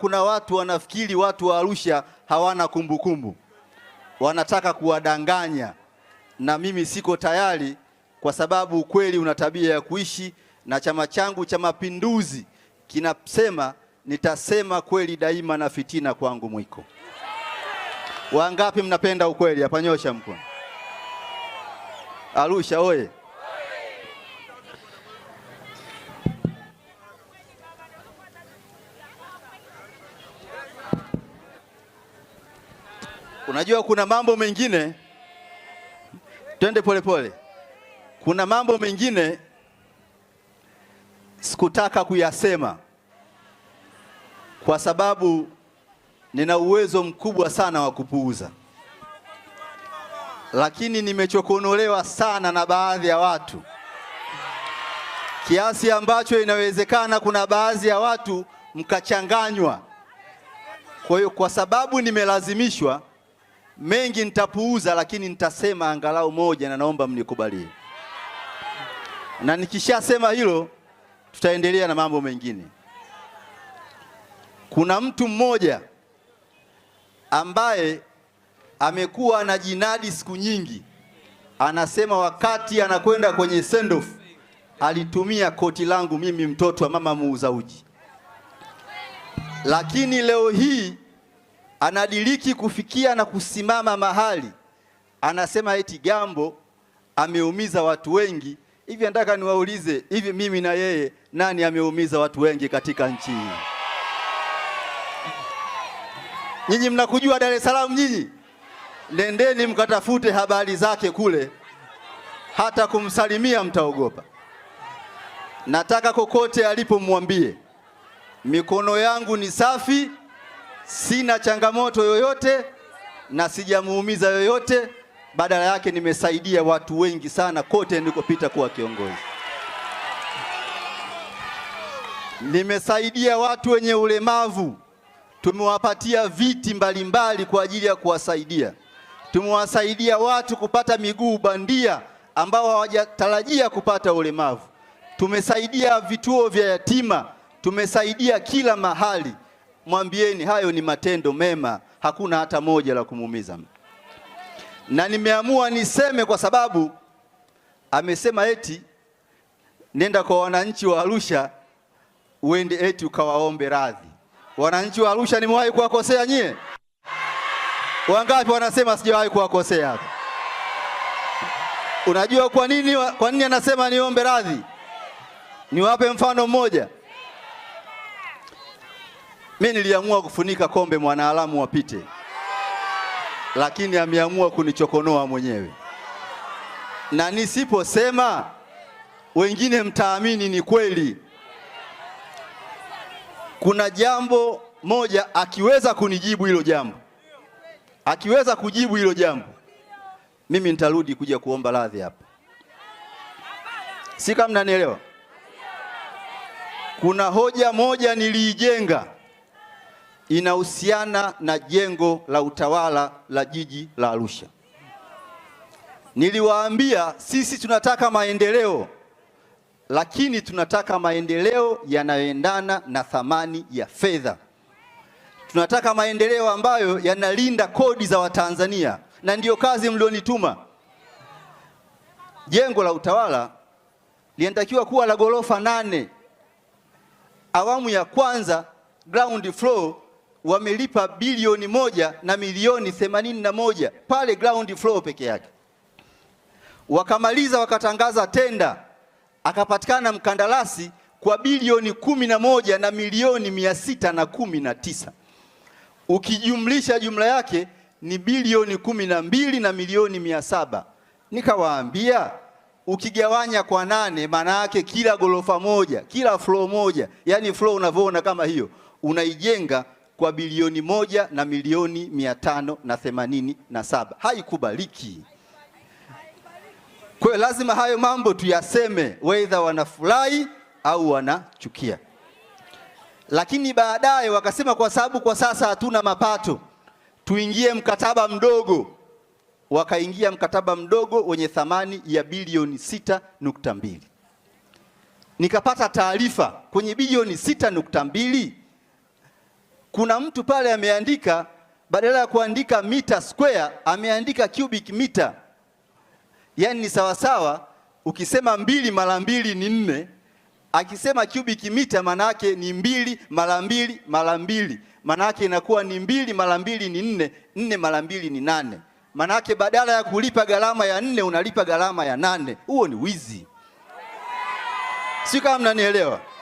Kuna watu wanafikiri watu wa Arusha hawana kumbukumbu kumbu. Wanataka kuwadanganya na mimi siko tayari, kwa sababu ukweli una tabia ya kuishi, na chama changu cha Mapinduzi kinasema nitasema kweli daima na fitina kwangu mwiko. Wangapi mnapenda ukweli? apanyosha mkono. Arusha oye! Unajua kuna mambo mengine, twende polepole. Kuna mambo mengine sikutaka kuyasema kwa sababu nina uwezo mkubwa sana wa kupuuza, lakini nimechokonolewa sana na baadhi ya watu kiasi ambacho inawezekana kuna baadhi ya watu mkachanganywa. Kwa hiyo kwa sababu nimelazimishwa mengi nitapuuza, lakini nitasema angalau moja, na naomba mnikubalie. Na nikishasema hilo, tutaendelea na mambo mengine. Kuna mtu mmoja ambaye amekuwa na jinadi siku nyingi, anasema wakati anakwenda kwenye sendoff alitumia koti langu mimi, mtoto wa mama muuza uji, lakini leo hii anadiriki kufikia na kusimama mahali anasema eti Gambo ameumiza watu wengi. Hivi nataka niwaulize, hivi mimi na yeye nani ameumiza watu wengi katika nchi hii? Nyinyi mnakujua Dar es Salaam, nyinyi nendeni mkatafute habari zake kule, hata kumsalimia mtaogopa. Nataka kokote alipomwambie mikono yangu ni safi Sina changamoto yoyote na sijamuumiza yoyote, badala yake nimesaidia watu wengi sana kote nilikopita kuwa kiongozi. Nimesaidia watu wenye ulemavu, tumewapatia viti mbalimbali kwa ajili ya kuwasaidia. Tumewasaidia watu kupata miguu bandia ambao hawajatarajia kupata ulemavu. Tumesaidia vituo vya yatima, tumesaidia kila mahali mwambieni hayo ni matendo mema, hakuna hata moja la kumuumiza. Na nimeamua niseme kwa sababu amesema eti nenda kwa wananchi wa Arusha uende eti ukawaombe radhi. Wananchi wa Arusha nimewahi kuwakosea nyie? Wangapi wanasema sijawahi kuwakosea hapa? Unajua kwa nini, kwa nini anasema niombe radhi? Niwape mfano mmoja. Mimi niliamua kufunika kombe mwanaalamu wapite, lakini ameamua kunichokonoa mwenyewe, na nisiposema wengine mtaamini ni kweli. Kuna jambo moja, akiweza kunijibu hilo jambo, akiweza kujibu hilo jambo, mimi nitarudi kuja kuomba radhi hapa, si kama mnanielewa. Kuna hoja moja niliijenga inahusiana na jengo la utawala la jiji la Arusha. Niliwaambia sisi tunataka maendeleo, lakini tunataka maendeleo yanayoendana na thamani ya fedha. Tunataka maendeleo ambayo yanalinda kodi za Watanzania, na ndiyo kazi mlionituma. Jengo la utawala linatakiwa kuwa la ghorofa nane. Awamu ya kwanza ground floor wamelipa bilioni moja na milioni themanini na moja pale ground floor peke yake. Wakamaliza wakatangaza tenda, akapatikana mkandarasi kwa bilioni kumi na moja na milioni mia sita na kumi na tisa ukijumlisha jumla yake ni bilioni kumi na mbili na milioni mia saba Nikawaambia ukigawanya kwa nane, maana yake kila gorofa moja, kila floor moja, yani floor unavyoona kama hiyo unaijenga kwa bilioni moja na milioni mia tano na themanini na saba. Haikubaliki. Kwa hiyo lazima hayo mambo tuyaseme, weidha wanafurahi au wanachukia. Lakini baadaye wakasema, kwa sababu kwa sasa hatuna mapato, tuingie mkataba mdogo. Wakaingia mkataba mdogo wenye thamani ya bilioni sita nukta mbili. Nikapata taarifa kwenye bilioni sita nukta mbili kuna mtu pale ameandika badala ya kuandika mita square ameandika cubic mita, yani ni sawasawa. Ukisema mbili mara mbili ni nne, akisema cubic mita maana yake ni mbili mara mbili mara mbili, maana yake inakuwa ni mbili mara mbili ni nne, nne mara mbili ni nane. Maana yake badala ya kulipa gharama ya nne unalipa gharama ya nane. Huo ni wizi, si kama mnanielewa?